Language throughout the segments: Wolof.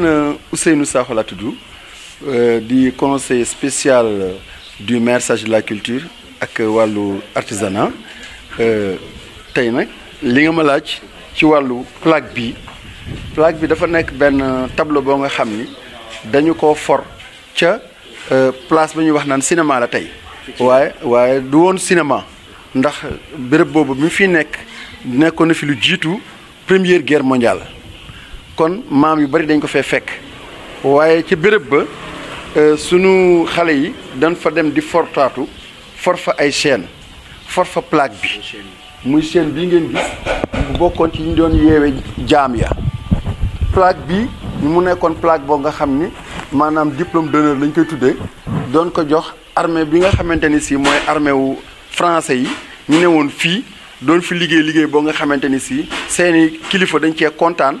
man euh, Ousseynou Sakho la euh, conseiller spécial du maire sage de la culture ak artisanat euh, tay nak li nga ma laaj ci plaque bi plaque bi dafa tableau bo nga xamni dañu ko place cinéma la tay cinéma ndax a bobu mi fi nek fi première guerre mondiale kon maam yu bari dañ ko fee fekk waaye ci béréb ba euh, sunu xale yi dañ fa dem di fortaatu for fa ay chaîne for fa plaque bi muy chaîne bi ngeen gis bu bokkoon ci ñu doon yeewe jaam ya plaque bi mu nekkoon plaque boo nga xam ni maanaam diplôme d'honneur lañ koy tuddee doon ko jox armée bi nga xamante ni si mooy armée wu français yi ñu ne woon fii doon fi liggéey liggéey boo nga xamante ni si seeni kilifa dañ cee kontaan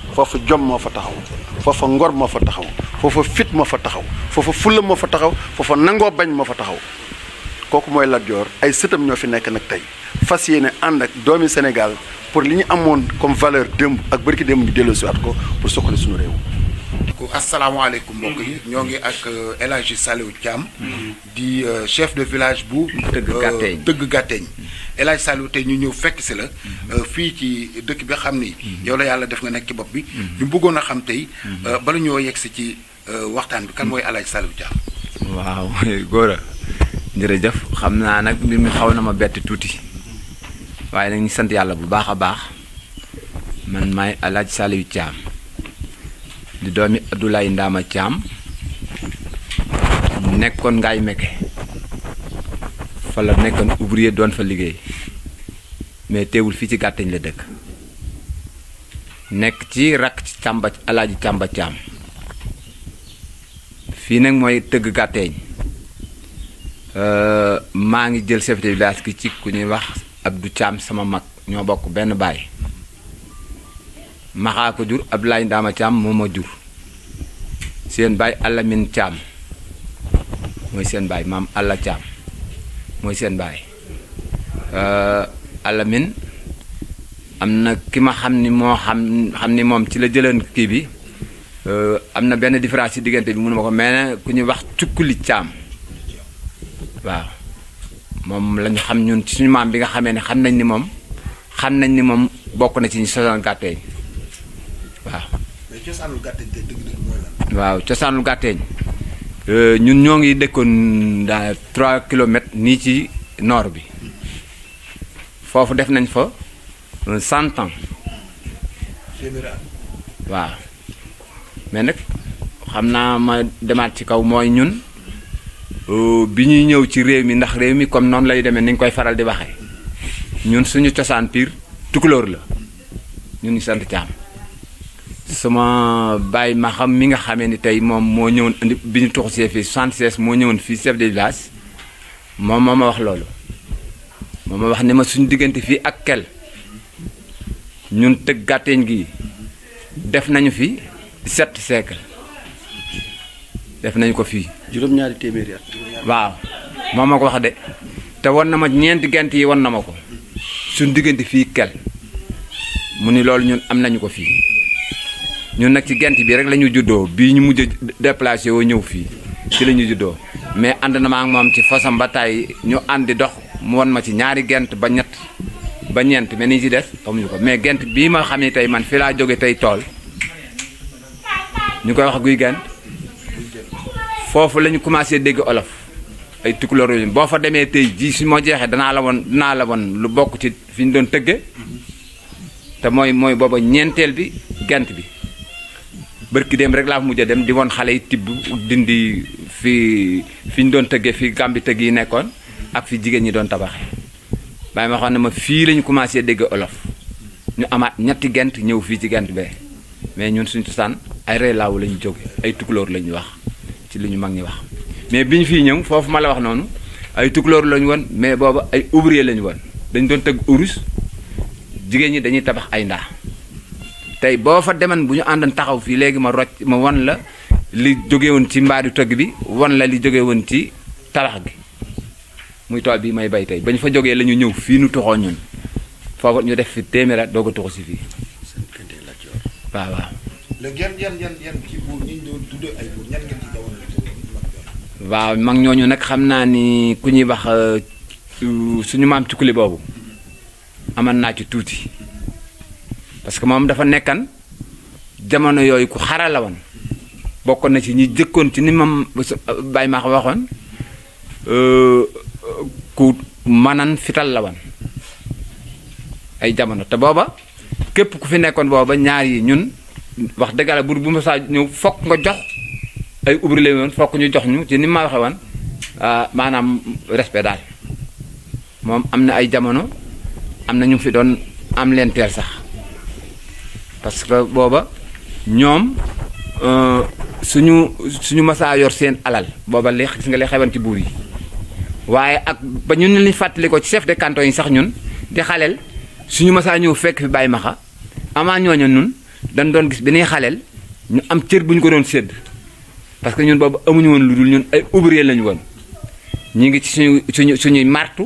Il jom que fa taxaw fofu ngor moo fa taxaw fofu fit moo fa taxaw fofu je taxaw je nango bañ taxaw ay Sénégal pour li amone comme valeur demb ak barki demb ñu wat ko pour suñu assalamu mbokk yi ak euh, mm-hmm. euh, chef de village Bou. Tegu El Hadj Saliou tey ñu ñëw fekk si la. Mhm. Euh, fii ci dëkk bi xam ni. Mhm. yow la yàlla def nga nekk ci bopp bi. Mhm. ñu bëggoon a xam tey. Euh, bala ñoo yegg si ci euh, waxtaan bi kan mooy El Hadj Saliou Dia. waaw góor a xam naa nag mbir mi na ma bett tuuti waaye nag ñu sant yàlla bu baax a baax man maay El Hadj Saliou Thiam di doomi Abdoulaye Ndama Thiam nekkoon ngaay mekke fa la nekkoon ouvrier doon fa liggéey mais teewul fii ci gàttañ la dëkk nekk ci rak ci càmba alaaji càmba caam fii nag mooy tëgg gàtteeñ euh, maa ngi jël chef de village ki ci ku ñuy wax Abdou sama mag ñoo bokk benn baay maxaa ko jur Abdoulaye Ndaama Caam moo ma jur seen baay Alamin Caam mooy seen baay maam mooy seen baay euh, alamin am na ki ma xam ni moo xam xam ni moom ci la jëleen kii bi euh, am na benn différence ci diggante bi mënu ma ko mais ku ñuy wax cukkuli caam waaw moom lañu xam ñun ci suñu maam bi nga xamee ne xam nañ ni moom xam nañ ni moom bokk na ci ñu sosoon gàtteeñ waaw. mais gàtteeñ euh, ñun ñoo ngi dëkkoon daa 3 kilomètres. nii ci noor bi foofu def nañ fa cent ans waaw mais nag xam naa ma demaat ci kaw mooy ñun euh, bi ñuy ñëw ci réew mi ndax réew mi comme noonu lay demee ni ñu koy faral di waxee ñun suñu cosaan piir tukulóor la ñun ñu sant caam sama bàyyi ma xam mi nga xamee ni tey moom moo ñëwoon indi bi ñu tuxu see fii 76 moo ñëwoon fii chef de village moom moo ma wax loolu moo ma wax ne ma suñu diggante fii ak kel ñun tëgg gàtteeñ gi def nañu fi set siècle def nañu ko fii. juróom-ñaari téeméeri waaw moo ma ko wax de te won na ma ñeenti gent yi won na ma ko suñu diggante fii kel mu ni loolu ñun am nañu ko fii. ñun nag ci gent bi rek la ñu juddoo bii ñu mujj a déplacé woo ñëw fii ci la juddoo. mais ànd na ma ak moom ci fosam ba tàyyi ñu àndi dox mu won ma ci ñaari gent ba ñett ba ñeent mais ni ci des xamuñu ko mais gent bii ma xam ne tey man fi laa jóge tey tool ñu koy wax guy gent foofu lañu ñu commencé dégg olof ay tukulóor yu boo fa demee tey jii su ma jeexee danaa la woon danaa la woon lu bokk ci fi ñu doon tëgge te mooy mooy booba ñeenteel bi gent bi barki dem rek la fa dem di won xalé yi dindi fi fiñ don doon teggé fi gambi tëgg yi ak fi jigéñ ñi doon tabax bay ma xam ne ma fi lañ commencé dégg olof ñu amaat ñetti gent ñew fi ci gent bé mais ñun suñu cosaan ay rey laaw lañ jóge ay tuklor lañ wax ci liñu mag ñi wax mais biñ fi ñew fofu mala wax nonu ay tuklor lañ won mais bobu ay ouvrier lañ won dañ doon tegg urus jigéñ ñi dañuy tabax ay ndax tey boo fa deman bu ñu àndoon taxaw fii léegi ma rocc ma won la li jóge woon ci mbaadu togg bi won la li jóge woon ci talax bi muy tool bi may bay tey bañ fa jógee la ñu ñëw fii nu tuxoo ñun foofu ñu def fi téeméer at doog a tuxu si fii waaw waaw. mag ñooñu nag xam naa ni ku ñuy wax euh, suñu maam ci boobu aman naa ci tuuti. parce que moom dafa nekkan jamono yooyu ku xarala woon bokkoon na ci ñi jëkkoon ci ni mam euh, Baye Max waxoon euh, ku manan fital la woon ay jamono te booba képp ku fi nekkoon booba ñaar yi ñun wax dëggala la bu bu ma saa ñëw fokk nga jox ay ubri la woon fokk ñu jox ñu ci ni ma waxe woon ah, maanaam respect daal moom am na ay jamono am na ñu fi doon am leen teel sax parce que booba ñoom euh, suñu suñu masaa yor seen alal booba li gis nga li xewan ci buur yi waaye ak ba ñu ñu fàttali ko ci chef de canton sax ñun di xaleel suñu masaa ñëw fekk fi bàyyi maxa amaa ñooñu ñun dañ doon gis bi ñuy xaleel ñu am cër bu ñu ko doon sédd parce que ñun boobu amuñu woon lu dul ñun ay ouvrier lañu woon ñu ngi ci suñu suñu suñuy martu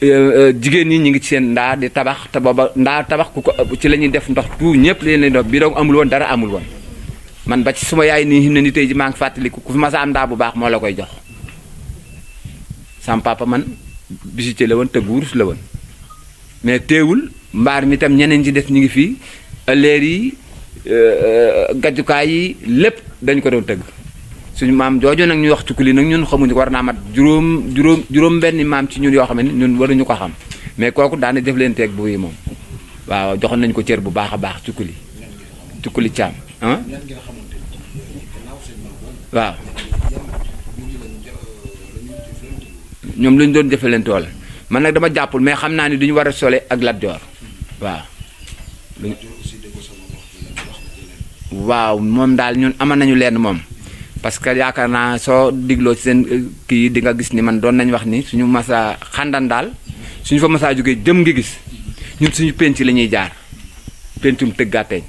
jigéen ñi ñu ngi ci seen ndaa di tabax te booba ndaa tabax ku ko ci la ñuy def ndox tout ñëpp leen leen dox bi dong amul woon dara amul woon man ba ci suma yaay nii xam ne ni tey ji maa ngi fàttaliku ku fi ma sa am ndaa bu baax moo la koy jox sam papa man bisite la woon te guurus la woon mais teewul mbaar mi tam ñeneen ci def ñu ngi fii leer yi euh, euh, gajukaay yi lépp dañ ko doon tëgg suñu maam jooju nag ñuy wax tukkili nag ñun xamuñu war naa mat juróom juróom juróom benn maam ci ñun yoo xam ne ñun waruñu ko xam mais kooku daana def leen moom waaw joxoon nañu ko cër bu baax a baax tukkili tukkili caam ah waaw ñoom lu doon jëfe leen tool man nag dama jàppul mais xam naa ni duñu war a sole ak Lat Joor waaw waaw moom daal ñun amoon nañu leen moom parce que yaakaar naa soo digloo ci seen euh, kii di nga gis ni man doon nañ wax ni suñu masa xandan daal suñu fa masa jógee jëm ngi gis ñun suñu penc la ñuy jaar pencum tëggaateeñ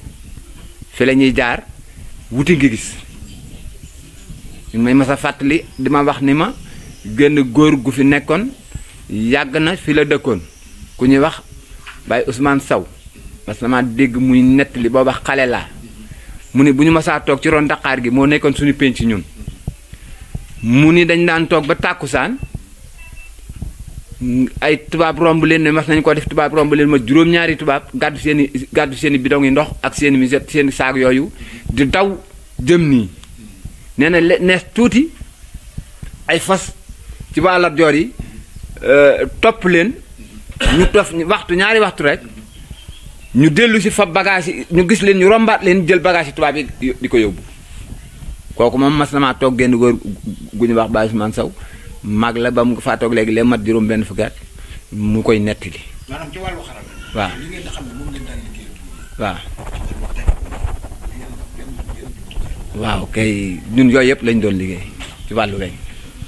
fi la jaar wuti ngi gis ñun may masa fàttali di ma wax ni ma génn góor gu fi nekkoon yàgg na fi la dëkkoon ku ñuy wax Baye Ousmane Saw parce que ma dégg muy wax xale laa mu ne bu ñu masaa toog ci ron daqaar gi moo nekkoon suñu penc ñun mu ni dañ daan toog ba tàkku saan ay tubaab romb leen ne mas nañ ko def tubaab romb leen ma juróom-ñaari tubaab gàddu seen i gàddu seen i bidon yi ndox ak seen seen i saag yooyu di daw jëm nii nee na nees tuuti ay fas ci waa Lat Joor yi euh, topp leen ñu tof waxtu ñaari waxtu rek ñu dellu si fab bagage yi ñu gis leen ñu rombaat leen jël bagage yi tubaab yi di ko yóbbu kooku moom mas namaa toog génn góor gu ñu wax Baye Ousmane Sow mag la ba mu faa toog léegi lee mat juróom benn fukki mu koy nettali. maanaam ci wàllu xarala. waaw li waaw. waaw kay ñun yooyu yëpp lañ doon liggéey ci wàllu weñ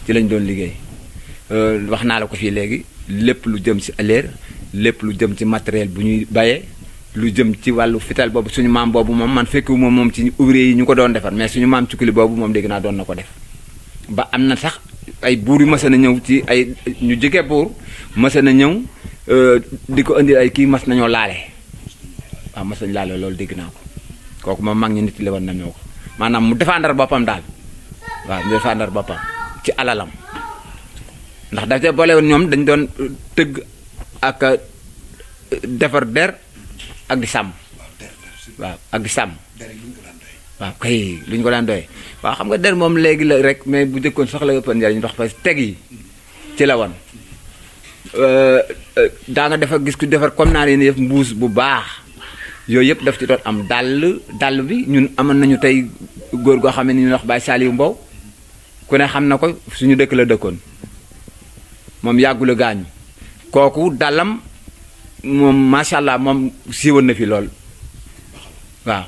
ci lañ doon liggéey euh, wax naa la ko fii léegi lépp lu jëm ci leer lépp lu jëm ci matériel bu ñuy bayee. lu jëm ci wàllu fital boobu suñu maam boobu moom man fekk moom moom ci ouvrier yi ñu ko doon defar mais suñu maam cukkili boobu moom dégg naa doon na ko def ba am na sax ay buur yu mas na ñëw ci ay ñu jege buur mas na ñëw euh, di ko indi ay kii mas nañoo laale waaw mas nañu laale loolu dégg naa ko kooku moom mag ñi nit li woon nañoo ko maanaam mu défendre boppam daal waaw mu défendre boppam ci alalam ndax daf ca boole woon ñoom dañ doon tëgg ak euh, defar ak di sàmm. waaw ak di sàmm. waaw kay luñ ko daan doy waaw xam nga der moom léegi la rek mais bu njëkkoon soxla la ëppoon njariñ ndox fa que teg yi ci la won woon euh, euh, daanga defar gis ku defar comme naa leen yëpp mbuus bu baax yooyu yëpp daf ci doon am dàll dàll bi ñun amoon nañu tey góor goo xam ne ni wax Baye Saliou Mbow ku ne xam na ko suñu dëkk la dëkkoon moom yàggula gaañu kooku dàllam moom macha allah moom siiwoon na fi lool waaw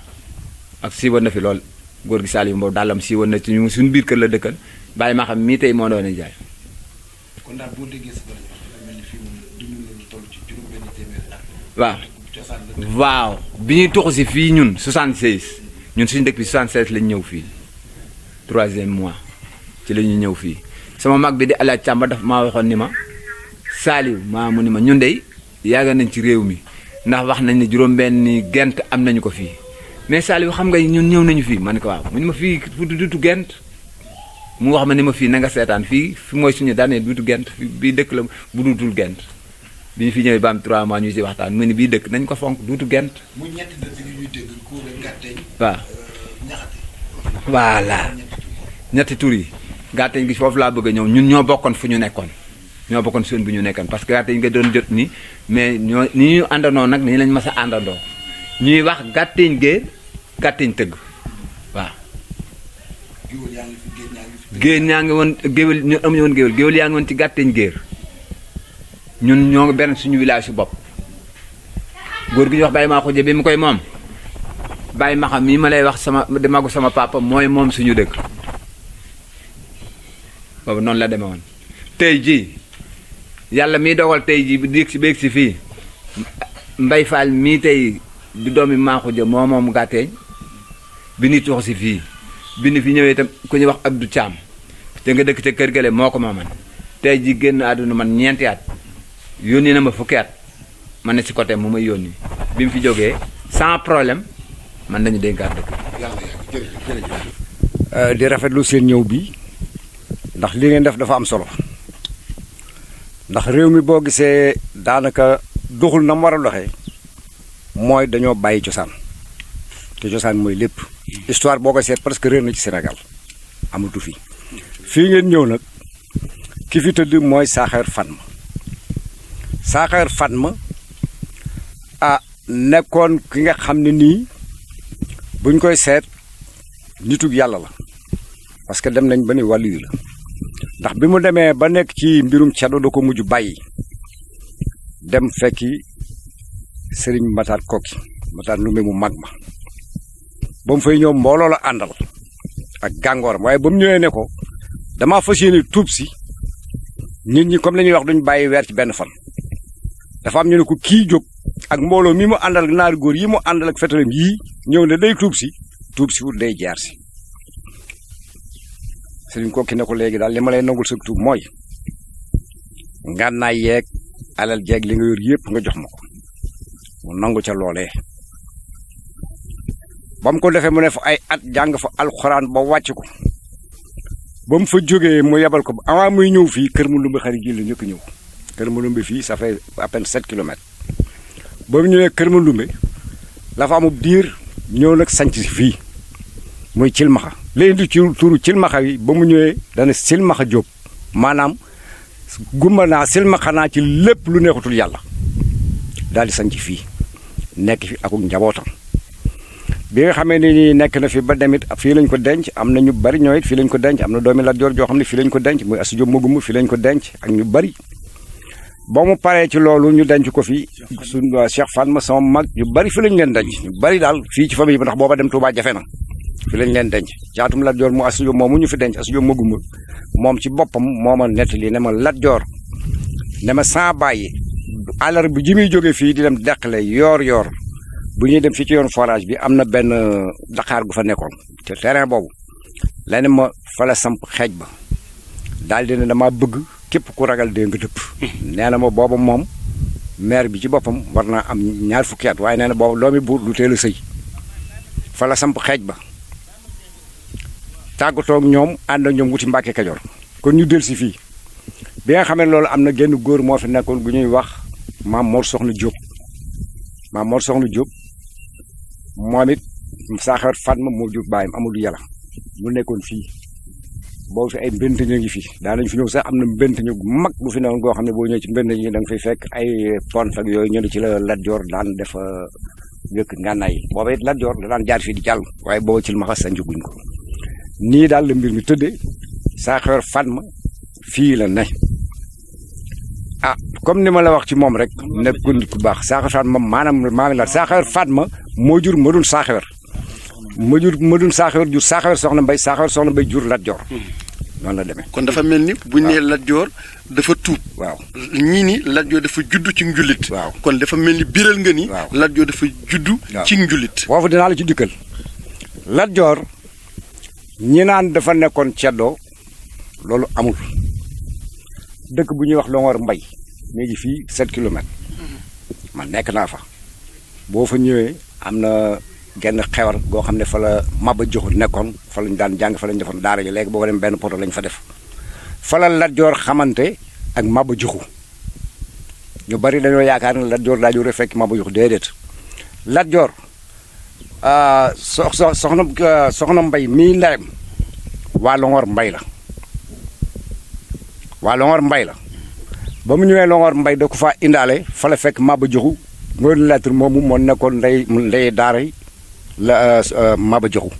ak siiwoon na fi lool góor gi Saliou Mbow dàllam siiwoon na ci ñu suñu biir kër la dëkkal bàyyi ma xam mii tey moo doon jaay. kon daal boo déggee waaw bi ñuy tuxu fii ñun 76 ñun suñu dëkk bi 76 lañ ñëw fii troisième mois ci lañuy ñëw fii sama mag bi di alaaj Càmba daf maa waxoon ni ma Saliou maa mu ni ma ñun dey yàgg nañ ci réew mi ndax wax nañ ni juróom-benni gent am nañu ko fii mais Saliou xam nga ñun ñëw nañu fii ma ne ko waaw mu ne ma fii fu dutu gent mu wax ma ne ma fii na nga seetaan fii fi mooy suñu daanee dutu gent bii dëkk la bu dutul gent bi ñu fi ñëwee ba am 3 mois ñu si waxtaan mu ni bii dëkk nañ ko fonk duutu gent. muy ñetti dëkk ñetti tur yi. gàtteñ gi foofu laa bëgg a ñëw ñun ñoo bokkoon fu ñu nekkoon. ñoo bokkoon su bi ñu nekkoon parce que nga doon jot nii mais ñoo ni ñu àndandoo nag ni lañ mas a àndandoo ñuy wax gàttiñ géer gàttiñ tëgg waaw. géer ñaa ngi woon géwél ñu amuñu woon géwél géwel yaa ngi woon ci gàttiñ géer ñun ñoo ngi benn suñu village su bopp góor gi ñu wax Baye Makhou bi mu koy moom Baye Makhou mii ma lay wax sama di magu sama papa mooy moom suñu dëkk boobu noonu la demee woon tey jii. yalla mi dogal tay ji bi dik ci béeg ci fi mbay faal gatte bi nit wax ci fi bi ni fi ñewé tam ku ñu wax Abdou cham te nga dëkk te kër gele moko ko mooman ji genn aduna man ñeenti at yoni na ma fukki at man ne ci côté mu may yoni bi mu fi joggé sans problème man dañu dénkaat dëkk euh, di rafetlu seen ñew bi ndax li ngeen def dafa am solo ndax réew mi boo gisee daanaka doxul na mu war a doxe mooy dañoo bàyyi cosaan te cosaan mooy lépp histoire boo ko seet parce que réer na ci Sénégal amatu fi fii ngeen ñëw nag ki fi tëdd mooy ma Fatma fan ma ah nekkoon ki nga xam ne nii buñ koy seet nitug yàlla la parce que dem nañ ba ni wàllu yi la ndax bi mu demee ba nekk ci mbirum cado da ko mujj bàyyi dem fekki sëriñ Matar Koki Matar Ndoumbe mu mag ma ba mu fay ñëw mbooloo la àndal ak gàngooram waaye ba mu ñëwee ne ko damaa fas yéene tuub si nit ñi comme la ñuy wax duñ bàyyi weer ci benn fan dafa am ñu ne ko kii jóg ak mbooloo mi mu àndal ak góor yi mu àndal ak fetalam yii ñëw ne day tuub si tuub si wut day jaar sëriñ kooki ne ko léegi daal li malay lay nangul sa tuub mooy ngànnaay yeeg alal jeeg li nga yor yëpp nga jox ma ko mu nangu ca loolee ba ko defee mu ne fa ay at jàng fa alxuraan ba wàcc ko ba mu fa jógee mu yebal ko avant muy ñëw fii kër mu lumbi xari jil la njëkk ñëw kër mu lumbi fii sa fait à peine sept kilomètres ba ñëwee kër mu lumbi la fa amub diir ñëw nag sanc fii muy cilmaxa li indi ci turu cilmaxa yi ba mu ñëwee dana silmaxa jóob maanaam gumba naa silmaxa naa ci lépp lu neexutul yàlla daal di sanc fii nekk fi akuk njabootam bi nga xamee ne nii nekk na fi ba demit fii lañ ko denc am na ñu bari ñooy fii lañ ko denc am na doomi Lat Joor joo xam ne fii lañ ko denc muy Asu Jóob magum fii lañ ko denc ak ñu bari ba mu paree ci loolu ñu denc ko fii fi suñu Cheikh Fatma sama mag ñu bari fi lañ leen denc ñu bari daal fii ci famille bi ndax booba dem Touba jafe na fi lañ leen denc caatum Lat Joor mu Asta Jóob moom mu ñu fi denc Asta Jóob maguma moom ci boppam moo ma nettali ne ma Lat Joor ne ma sans bàyyi àllarba bi ji muy jógee fii di dem deqale yoor yoor bu ñuy dem fii ci yoon forage bi am na benn daqaar gu fa nekkoon te terrain boobu leneen ma fa la samp xeej ba daal di ne damaa bëgg képp ku ragal dee nga dëpp nee na ma booba moom maire bi ci boppam war naa am ñaar fukki at waaye nee na booba doomi buur lu teel a sëy fa la samp xeej ba tàggatoo ak ñoom ànd ak ñoom wuti Mbàkke Kajoor kon ñu dellu si fii bi nga xamee loolu am na genn góor moo fi nekkoon gu ñuy wax maam Mor Soxna Diop maam Mor Soxna Diop moom it saaxar Fatma moo jur bàyyam Amadou Yàlla mu nekkoon fii boobu fi ay mbént ñu ngi fi daan nañ fi ñëw sax am na mbént ñu mag bu fi newoon goo xam ne boo ñëwee ci mbént ñi da nga fay fekk ay pont ak yooyu ñu ne ci la Lat Joor daan def yëkk euh, ngànnaay yi booba it Lat Joor da daan jaar fi di jàll waaye booba ci lu ma xas sa ko nii daal la mbir mi tëddee Saxeer Fatma fii la ne ah comme ni ma la wax ci moom rek nekk ku baax Saxeer Fatma maanaam maa ngi la Saxeer ma moo jur Madoune Saxeer ma jur Madoune Saxeer jur Saxeer soxna Mbay Saxeer soxna Mbay jur Lat Joor hmm. noonu la demee. kon dafa mel ni bu ñu Lat Joor dafa tuub. waaw ñii ni Lat Joor dafa juddu ci njullit. waaw kon dafa mel ni biral nga ni. waaw Lat Joor dafa juddu. ci njullit. foofu dinaa la ci dikkal Lat Joor ñi naan dafa nekkoon ceddoo loolu amul dëkk bu ñuy wax Longhor Mbay mi ngi fii 7 kilomètres mm-hmm. man nekk naa fa boo fa ñëwee am na genn xewar goo xam ne fa la Maba Joxu nekkoon fa lañ daan jàng fa lañ defoon daara ji léegi boo ko dem benn poto lañ fa def fa la Joor xamante ak Maba Joxu ñu bari dañoo yaakaar ne Lat Joor daa jóge fekk Maba Joxu déedéet Lat Joor soxna soxna bay mbay mii ndayam waa walongor mbay la waa Longhor mbay la ba mu ñëwee Longhor mbay da ko faa indaale fa la fekk Maba Diakhou ngoon lettre moomu moo nekkoon ndey ndey daara yi la Maba Diakhou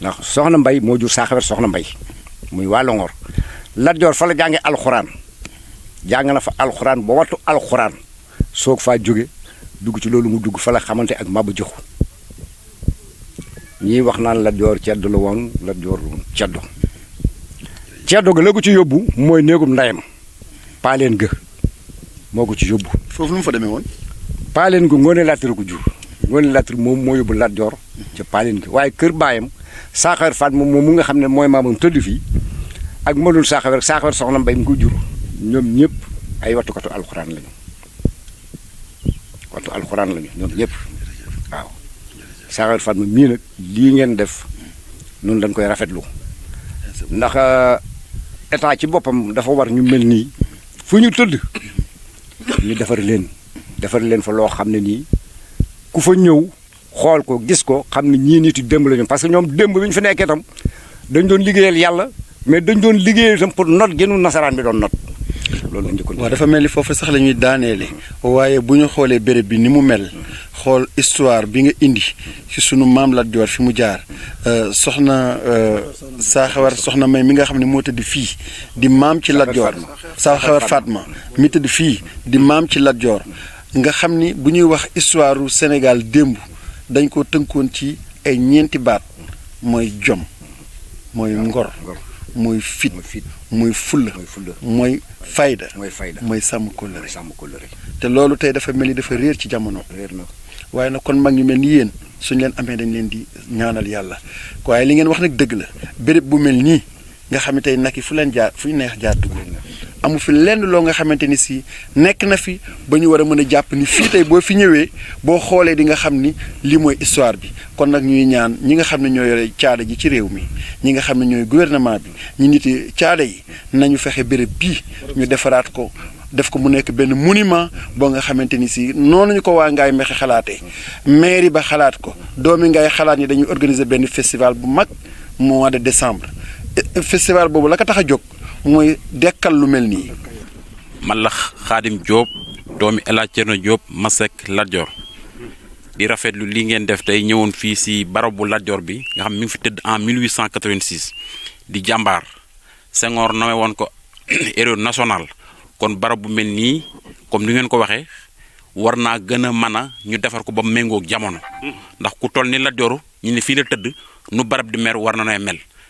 ndax soxna mbay jur soxna mbay muy fa la na fa dugg ci loolu mu dugg fa la xamanté ak Maba joxu ñi wax naan ci addu won la won ci addu ci addu ga la ci yobbu moy néegum ndayam pa len ge moko ci yobbu fofu lu demé won pa len paaleen ngone la Laatir ko jur la Laatir mom moy yobbu la dior ci pa len ge waye keur bayam saxar fat mom mu nga xamné moy fi ak modul saxar saxar soxna bay mu ko jur ñom ay alquran lañu. waxtu alxuraan la ñoom ñëpp waaw Saxar Fatma mii nag lii ngeen def noonu dañ koy rafetlu ndax euh, état ci boppam dafa war ñu mel nii fu ñu tëdd ñu defar leen defar leen fa loo xam ne nii ku fa ñëw xool ko gis ko xam ne ñii nit yi demb la ñu parce que ñoom démb bi ñu fi nekkee tam dañ doon liggéeyal yàlla mais dañ doon liggéeyal tam pour not genu nasaraan bi doon not loolu la njëkkoon dafa mel ni foofu sax la ñuy daaneele waaye bu ñu xoolee béréb bi ni mu mel xool histoire bi nga indi ci sunu maam Lat Joor fi mu jaar euh, soxna euh, Saaxawar soxna May mi nga xam ne moo tëdd fii di maam ci Lat Joor Saaxawar Fatma mi tëdd fii di maam ci Lat Joor nga xam ni bu ñuy wax histoire u Sénégal démb dañ ko tënkoon ci ay ñeenti baat mooy jom mooy ngor muy fit muy fulla mooy fayda mooy sàmm kóllëre te loolu tey dafa mel ni dafa réer ci jamono waaye nag kon mag ñu mel ni yéen suñ leen amee dañ leen di ñaanal yàlla waaye li ngeen wax nag dëgg la béréb bu mel nii nga xam ne tey nag yi fu leen jaar fu ñu neex jaar dugg amu fi lenn loo nga xamante ni si nekk na fi ba ñu war a mën a jàpp ni fii tey boo fi ñëwee boo xoolee di nga xam ni lii mooy histoire bi kon nag ñuy ñaan ñi nga xam ne ñoo yore caada ji ci réew mi ñi nga xam ne ñooy gouvernement bi ñu nit caada yi nañu fexe béréb bii ñu defaraat ko def ko mu nekk benn monument boo nga xamante ni si noonu ñu ko waa Ngaye Mékhé xalaatee mairie ba xalaat ko doomi ngay xalaat ñi dañuy organiser benn festival bu mag mois de décembre e, festival boobu la tax a jóg mooy dekkal lu mel nii. man la Xaadim jóob doomi El Hadj Thierno Diop Masek Lat Dior di rafetlu li ngeen def tey ñëwoon fii si barab bu lajoor bi nga xam mi ngi fi tëdd en 1886 di jàmbaar Senghor nawe woon ko héros national kon barab bu mel nii comme ni ngeen ko waxee war naa gën a mën a ñu defar ko ba méngoog jamono hmm. ndax ku toll ni Lat Dior ñu ne fii la tëdd nu barab di mer war na nay mel.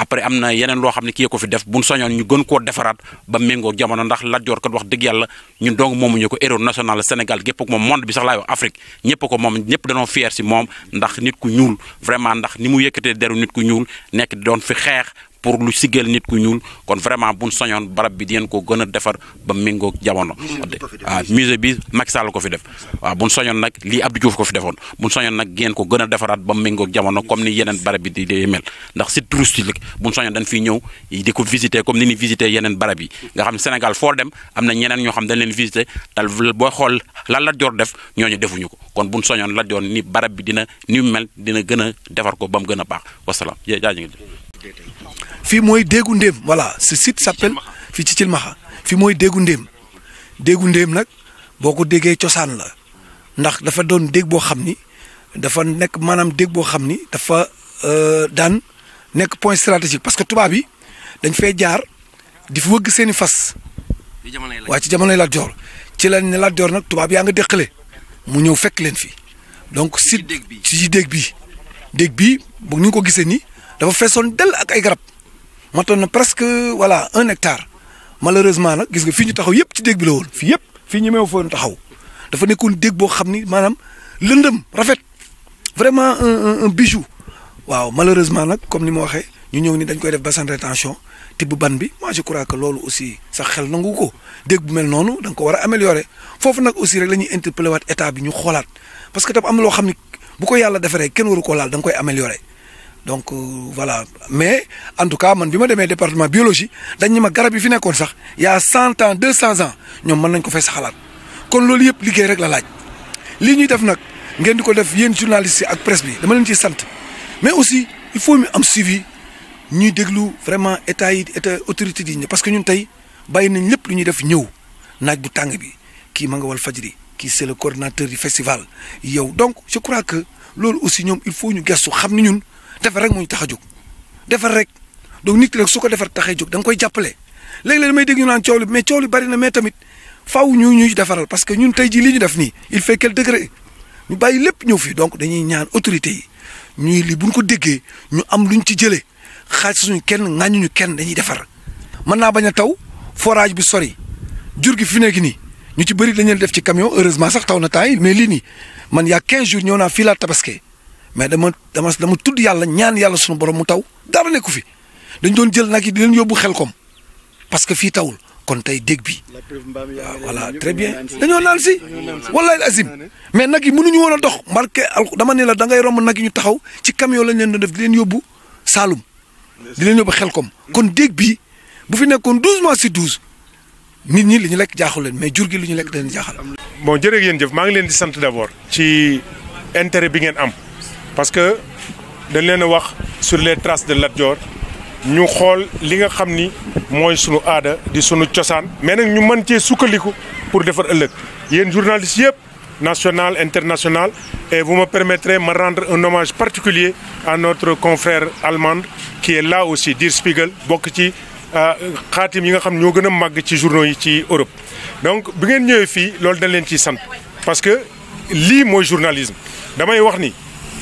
après am na yeneen loo xam ne kii ko fi def buñ soñoon ñu gën koo defaraat ba méngoo jamono ndax Lat Joor kat wax dëgg yàlla ñun dong moomuñu ko héros national la gépp ak moom monde bi sax laay wax Afrique ñëpp ko moom ñëpp danoo fier si moom ndax nit ku ñuul vraiment ndax ni mu yëkkatee deru nit ku ñuul nekk doon fi xeex pour lu sigel nit ku ñuul kon vraiment buñ soñon barab bi di ngeen ko gëna défar ba méngoog jamono waaw ah, musée bi Macky Sall ko fi def wa buñ soñon nak li Abdou Diouf ko fi defon buñ soñon nak gën ko gëna défarat defaraat ba méngoog jamono comme ni yenen barab bi di mel ndax site touristique buñ soñon dañ fi ñëw di ko visiter comme ni ni visiter yenen barab yi nga xam Sénégal foo dem amna ñenen ñu xam dañ leen visiter dal bo xol la la jor def ñoñu defuñu ko kon buñ soñon la joon ni barab bi dina ni mel dina gëna défar ko ba gëna gën a baax wasalaam ngi fii mooy déggu ndéem voilà sit sa s'appelle fii ci Cilmaxa fii mooy déggu ndéem déggu ndéem nag boo ko déggee cosaan la ndax dafa doon dégg boo xam ni dafa nekk maanaam dégg boo xam ni dafa euh, daan nekk point stratégique parce que tubaab yi dañ fay jaar di fi wëgg seen i fas. waa ci jamonoy Lat Joor ci la ne Lat nag tubaab yaa nga déqale mu ñëw fekk leen fi donc. ci bi ci dégg bi dégg bi bu ñu ko gisee nii. dafa fesson del ak ay garab matone presque voilà 1 hectare malheureusement nak gis nga yep, taxaw yépp ci déeg bi la won fi yépp fiñu mew foon taxaw dafa nekkone bo xamni manam lendeum rafet vraiment un un un bijou waaw malheureusement nak comme ni mo waxee ñu ñew ni dañ koy def bassin de rétention tibb ban bi moi je crois que lolu aussi sax xel nangu ko dégg bu mel noonu da ko wara améliorer fofu nak aussi rek lañuy interpeller wat état bi ñu xolaat parce que tam am lo xamni bu ko rek kenn waru ko laal koy améliorer donc euh, voilà mais en tout cas man bima démé département biologie dañ ma garab y' a 100 ans 200 ans ñom avons nañ ko fay a kon liggéey rek la laaj ñuy def def journalistes ak presse bi dama leen mais aussi il faut am suivi ñuy vraiment autorité parce que ñun tay nañ lu ñuy def bi c'est le coordinateur du festival donc je crois que lool aussi il faut ñu defar rek moo ñu tax a jóg defar rek donc nit ki rek su ko defar taxee jóg da nga koy jàppale léeg-léeg may dégg ñu naan coow li mais coow li bari na mais tamit faw ñu ñuy defaral parce que ñun tey jii li ñu def nii il fait quel ñu bàyyi lépp ñëw fii donc dañuy ñaan autorité yi ñuy li buñ ko déggee ñu am lu ñu ci jëlee xaaj suñu kenn ñu kenn dañuy defar. mën naa bañ a taw forage bi sori jur gi fi nekk nii ñu ci bari dañu leen def ci camion heureusement sax taw na temps yi mais li nii man y' a 15 jours ñëw naa fii laa tabaskee mais dama dama dama tudd yàlla ñaan yàlla suñu borom mu taw dara nekku fi dañ doon jël nag yi di leen yóbbu xel kom parce que fii tawul kon tey dég bi ah, voilà très bien dañoo naan si wallahi azim mais nag yi mënuñu woon a dox marqué dama ne la da ngay romb nag yi ñu taxaw ci camion lañ leen doon def di leen yóbbu saalum di leen yóbbu xel kom kon dég bi bu fi nekkoon 12 mois si 12 nit ñi li ñu lekk jaaxul leen mais jur gi li ñu lekk da jaaxal bon jërëjëf yéen jëf maa ngi leen di sant d'abord ci intérêt bi ngeen am parce que dañ leen wax sur les traces de l'adjor Dior ñu xool li nga xam ni mooy sunu aada di sunu cosaan mais nag ñu mën cee sukkandiku pour defar ëllëg yéen journalistes yëpp national international et vous me permettrez de me rendre un hommage particulier à notre confrère allemand qui est là aussi Der Spiegel bokk ci euh, xaatim yi nga xam ñoo gën a ci journaux yi ci Europe donc bi ngeen ñëwee fii loolu dañ leen ci sant parce que lii mooy journalisme damay wax ni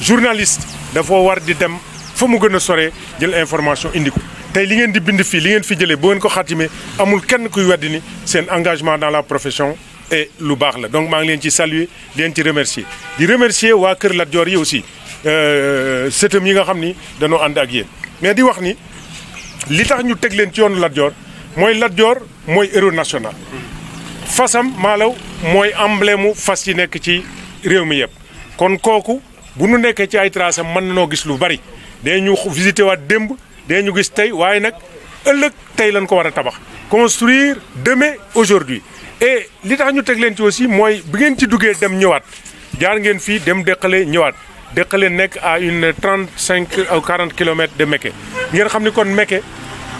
journaliste dafa war di dem fa mu gën a sore jël information indi ko tey li ngeen di bind fii li ngeen fi jëlee boo ngeen ko xaatime amul kenn kuy weddi ni seen engagement dans la profession et lu baax la donc maa ngi leen ci saluer di leen ci remercier di remercier waa Kër Lat Dior yi aussi euh, sëtam yi nga xam ni dañoo ànd ak yéen mais di wax ni li tax ñu teg leen ci yoonu Lat Dior mooy Lat Dior mooy héros national fasam maalaw mooy emblème fas yi nekk ci réew mi yëpp kon kooku bunu nu ci ay traces mën nañoo gis lu bari dee ñu visité waat démb dee ñu gis tay waaye nak ëlëk tay lañ ko wara tabax construire demain aujourd'hui et li tax ñu teg leen ci aussi moy bi ngeen ci duggé dem ñëwaat jaar ngeen fi dem Dexële ñëwaat Dexële nek à une 35 ou 40 km de Mekke ngeen xamni kon Mekke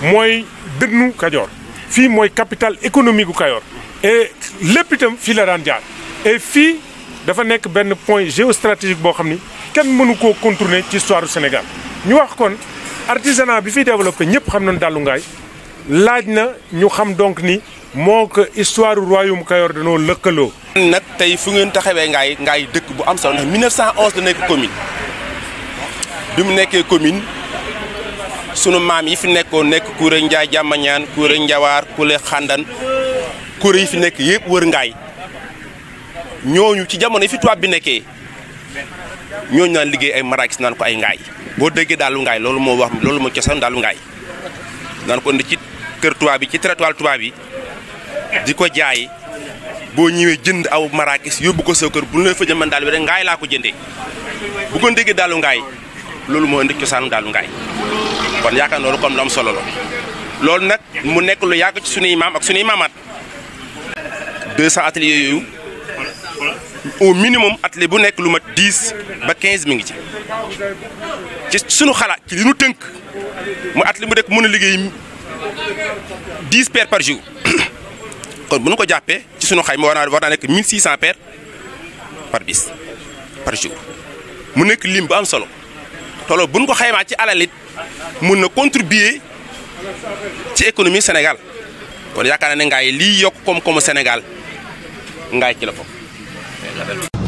moy dënnu Kajoor fi moy capital économique gu Kajoor et lepp itam fi la daan jaar et fi dafa nekk benn point géostratégique boo xam ni kenn mënu koo contourner ci histoire Sénégal ñu wax kon artisanat bi fiy développé ñëpp xam nañu Dàllu Ngaay laaj na ñu xam donc ni moo ko histoire royaume Kayor danoo lëkkaloo. nag tey fu ngeen taxawee ngaay ngaay dëkk bu am solo ndax 1911 la nekk commune bi mu nekkee commune sunu maam yi fi nekkoon nekk Kuure Njaay Jàmmañaan Kuure Njawaar Kuure Xàndan Kuure yi fi nekk yëpp wër ngaay. ñooñu ci jamono yi fi tubaab bi nekkee ñooñu naan liggéey ay marakis naan ko ay ngaay boo déggee daalu ngaay loolu moo wax loolu moo cosaan daalu ngaay naan ko indi ci kër tubaab bi ci trottoir tubaab bi di ko jaay boo ñëwee jënd aw marakis yóbbu ko sa kër bu ñu la fa ngaay laa ko jëndee bu ko déggee daalu ngaay loolu moo ngaay kon yaakaar loolu comme solo la loolu nag mu nekk lu yàgg ci sunuy maam ak sunuy maamaat 200 ateliers yooyu au minimum athlète bu nekk lu mat dix ba quinze mi ngi ci ci suñu xalaat ci li ñu tënk mu athlète bu nekk mun a liggéey dix paires par jour kon bu ñu ko jàppee ci suñu xay war naa nekk mille six cent paires par bis par jour mu nekk lim bu am solo tolloo bu ñu ko xaymaa ci alal mun na contribuer ci économie Sénégal kon yaakaar na ne ngaay lii yokk koom-koomu Sénégal ngaay ci la ko ¡En la